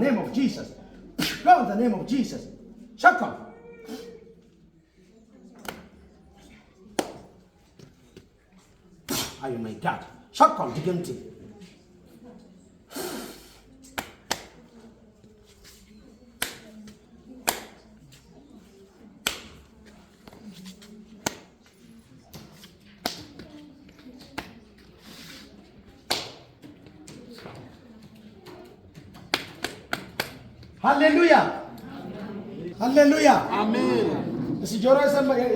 the name of Jesus. Go in the name of Jesus. Shut up. Are you my God? Shut Shackle, dignity. ሃሌሉያ ሃሌሉያ አሜን። እስ ጆሮ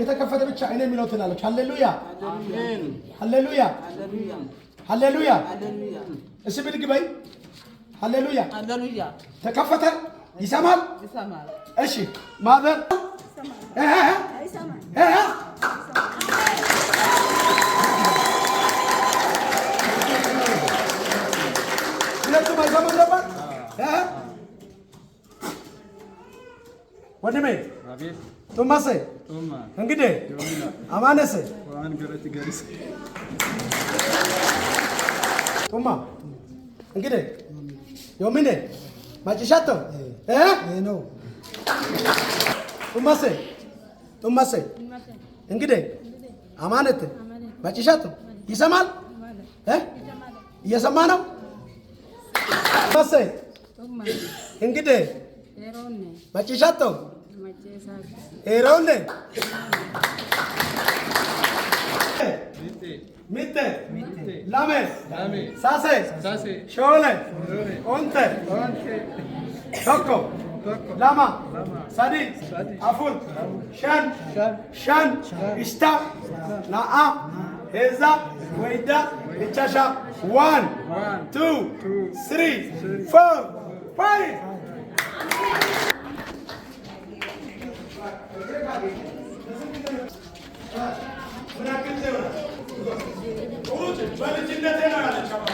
የተከፈተ ብቻ እኔ የሚለው ትላለች። ሃሌሉያ ሃሌሉያ ሃሌሉያ። እስ ብድግ በይ። ሃሌሉያ። ተከፈተ ይሰማል። እሺ ማዘር ሁለቱም አይሰማም ነበር። ወንድሜ ጡማሴ እንግዲህ አማነሴ ጡማ እንግዲህ ዮሚኔ ማጭሻቶ ነው ጡማሴ እንግዲህ አማነት ማጭሻቶ ይሰማል እየሰማ ነው ጡማሴ እንግዲህ መጭሻቶ ሄሮነ ሚቴ ላሜ ሳሴ ሾለ ኦንተ ቶኮ ላማ ሰዲ አፉል ሸን ሸን ሽታ ናአ ሄዛ ወይዳ ኢቻሻ ዋን ቱ ስሪ ፎር ፋይቭ Böyle cinnete herhalde çabuk.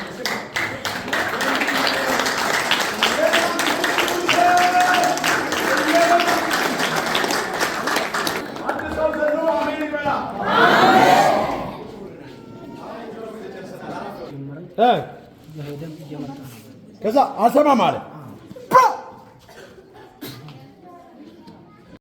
కసా అసమా మారే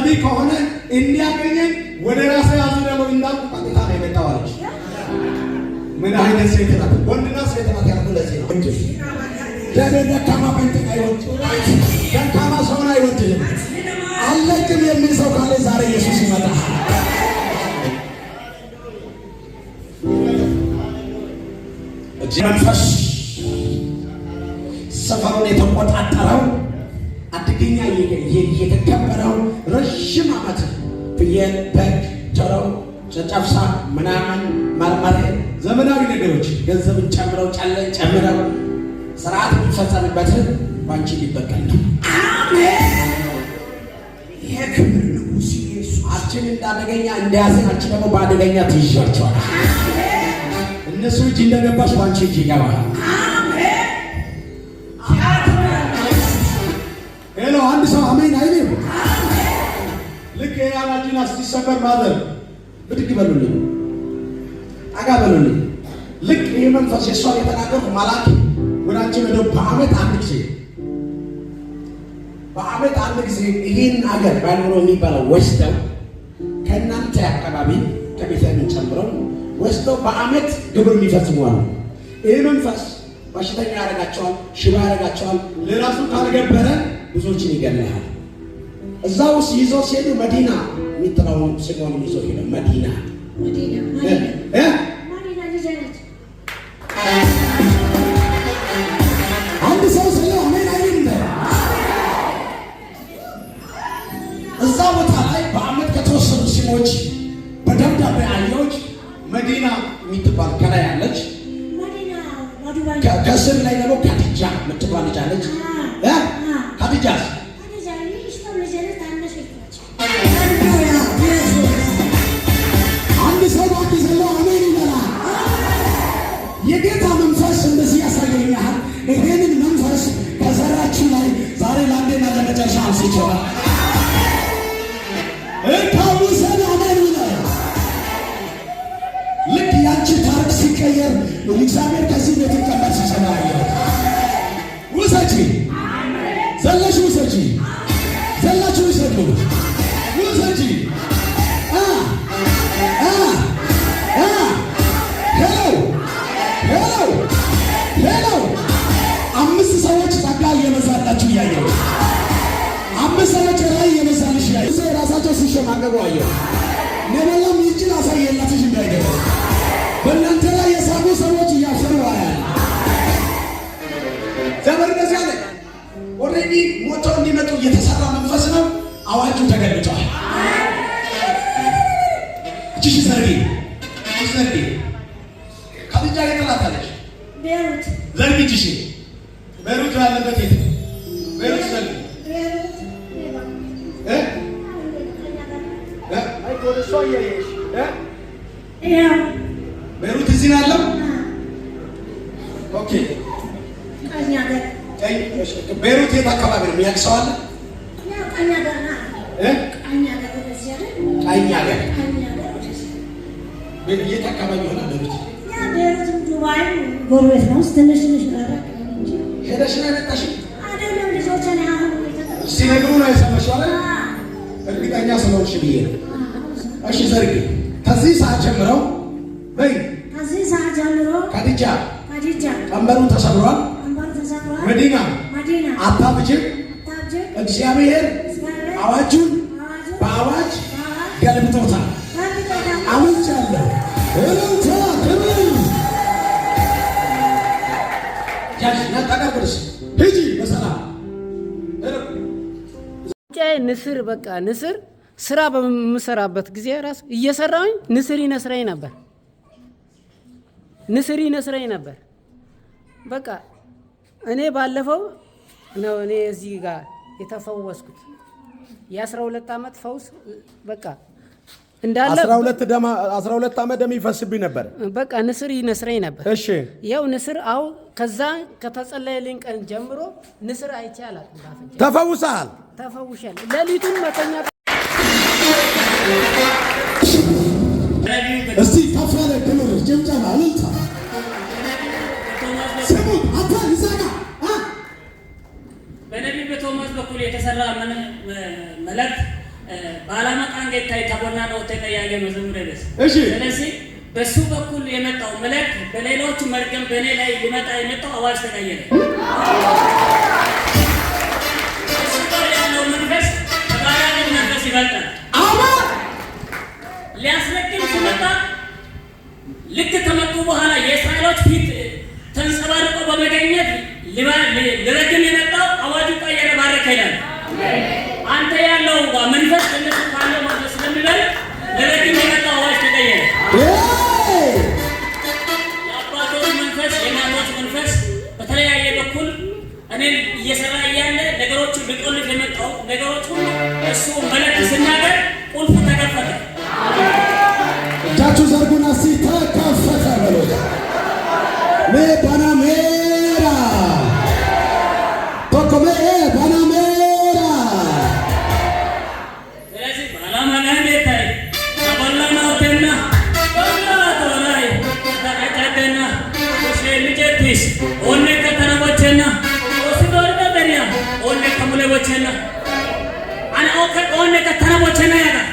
ነቢይ ከሆነ እንዲያገኘን ወደ ራሴ ያዙ እንዳልኩ ቀጥታ ነው የመጣው አለች። ምን አይነት ሴት ናት? ወንድና ሴት ናት ያልኩ ለዚህ ነው እንጂ ለእኔ ደካማ በንትን አይወድ ደካማ ሰውን አይወድልም። አለቅም የሚል ሰው ካለ ዛሬ ኢየሱስ ይመጣል። መንፈስ ሰፈሩን የተቆጣጠረው አደገኛ የተከበረው ረዥም ዓመት ፍየል፣ በግ፣ ዶሮ፣ ጨጨብሳ ምናምን መርመሬ ዘመናዊ ነገሮች ገንዘብን ጨምረው ጨለን ጨምረው ስርዓት የሚፈጸምበት ባንቺ ሊበቀል ነው። አሜን። ይህ ክብር ንጉሥ አንቺን እንዳደገኛ እንዳያዝን፣ አንቺ ደግሞ በአደገኛ ትይዣቸዋል። እነሱ እጅ እንደገባሽ በአንቺ እጅ ይገባል። ኃይል ይሁን። ልክ የራናችን ሲሰበር ማዘር ብድግ በሉልኝ፣ አጋ በሉልኝ። ልክ ይህ መንፈስ የእሷን የተናገርኩ ማላክ ወዳችን በአመት አንድ ጊዜ በአመት አንድ ጊዜ ይህን አገር ባይኖሮ የሚባለው ወስደው ከእናንተ አካባቢ ከቤተምን ጨምረው ወስደው በአመት ግብር የሚፈጽሙ ይህ መንፈስ በሽተኛ ያደርጋቸዋል፣ ሽባ ያደርጋቸዋል። ለራሱ ካልገበረ ብዙዎችን ይገለሃል። እዛ ውስጥ ይዞ ሲሄዱ መዲና የሚጥለው ስሞን ይዞ ሄደ። መዲና አንድ ሰው ስለ አሜን እዛ ቦታ ላይ በአመት ከተወሰኑ ስሞች በደብዳቤ መዲና የሚትባል ከላይ አለች። ከስር ላይ ደግሞ ካድጃ የምትባል ልጅ አለች። መጨረሻ አንስቼዋ እንካሉ ሰላምን ልክ ያቺ ታሪክ ሲቀየር እግዚአብሔር ከዚህ ቤት ይቀመጥ ሲሰማ ውሰጂ ዘለሽ ውሰጂ ዘላችሁ ውሰዱ ኦልሬዲ ሞተው እንዲመጡ እየተሰራ መንፈስ ነው። አዋጁ ተገልጧል። እችሽ ዘርጌ ዘርጌ ከልጃ የጠላት አለች ዘርጌ ችሽ በሩት ባለበት የት የሚያውቅ ሰው አለ? ቀኝ ሀገር የት አካባቢ ይሆናል? ቤሩት ጎረቤት ነው። ትንሽ ትንሽ ሄደሽ ነው የመጣሽው? ሲነግሩ ነው የሰማሽው እርግጠኛ ስለሆንሽ ብዬ ነው። እሺ ዘርግ ከዚህ ሰዓት ጀምረው በይ ከዚህ ሰዓት ጀምሮ ከድጃ ቀንበሩ ተሰብሯል። መዲና አታብጅም እግዚአብሔር አዋጁን በአዋጅ ገልብጦታል። ንስር በቃ ንስር ስራ በምሰራበት ጊዜ ራስ እየሰራውኝ ንስር ይነስረኝ ነበር። ንስር ይነስረኝ ነበር። በቃ እኔ ባለፈው ነው እኔ እዚህ ጋር የተፈወስኩት። የአስራ ሁለት ዓመት ፈውስ በቃ አስራ ሁለት ዓመት ደም ይፈስብኝ ነበር። በቃ ንስር ይነስረኝ ነበር። እሺ ያው ንስር አው ከዛ ከተጸለየልኝ ቀን ጀምሮ ንስር አይቼ አላውቅም። ተፈውሰሃል? ተፈውሻል። ሌሊቱን መተኛ እስቲ የተሰራ ምንም ማለት ባላመጣ እንጌታ የተቦና ነው ተቀያየ መዝሙር ደስ እሺ። ስለዚህ በሱ በኩል የመጣው መልእክት በሌሎች መርገም በእኔ ላይ ሊመጣ የመጣው አዋጅ ተቀየረ። እሱ ሲመጣ ልክ ከመጡ በኋላ የእስራኤሎች ፊት ተንጸባርቆ በመገኘት ሊረግም የመጣው አዋጁ ቀየረ፣ ባረከ ይላል አንተ ያለው እንኳን መንፈስ እነሱ ካለ ማለት ስለሚበል ለረጅም የመጣ አዋጅ ተቀየረ። የአባቶች መንፈስ፣ የእናቶች መንፈስ በተለያየ በኩል እኔም እየሰራ እያለ ነገሮችን ልቆልፍ የመጣው ነገሮች ሁሉ እሱ መለክ ስናገር ቁልፉ ተከፈተ። እጃችሁ ዘርጉና ሲ ተከፈተ በሎት ሜ ከሆነ ከተራ ቦቸና ያጋል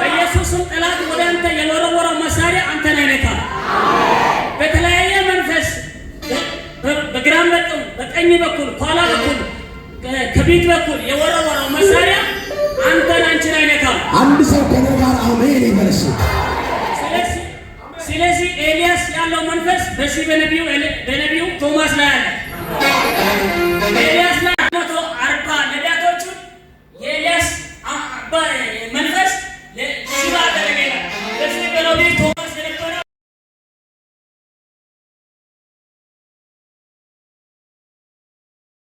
በኢየሱስም ጠላት ወደ አንተ የወረወረው መሳሪያ አንተን አይነካም። በተለያየ መንፈስ በግራም በቀኝ በቀኝ በኩል ኋላ በኩል ከፊት በኩል የወረወረው መሳሪያ አንተን አንቺን አይነካም። አንድ ሰው ከኔ ጋር አሜን ይበለስ። ስለዚህ ኤልያስ ያለው መንፈስ በዚህ በነቢዩ በነቢዩ ቶማስ ላይ አለ። ኤልያስ ላይ መቶ አርባ ነዳ na vitu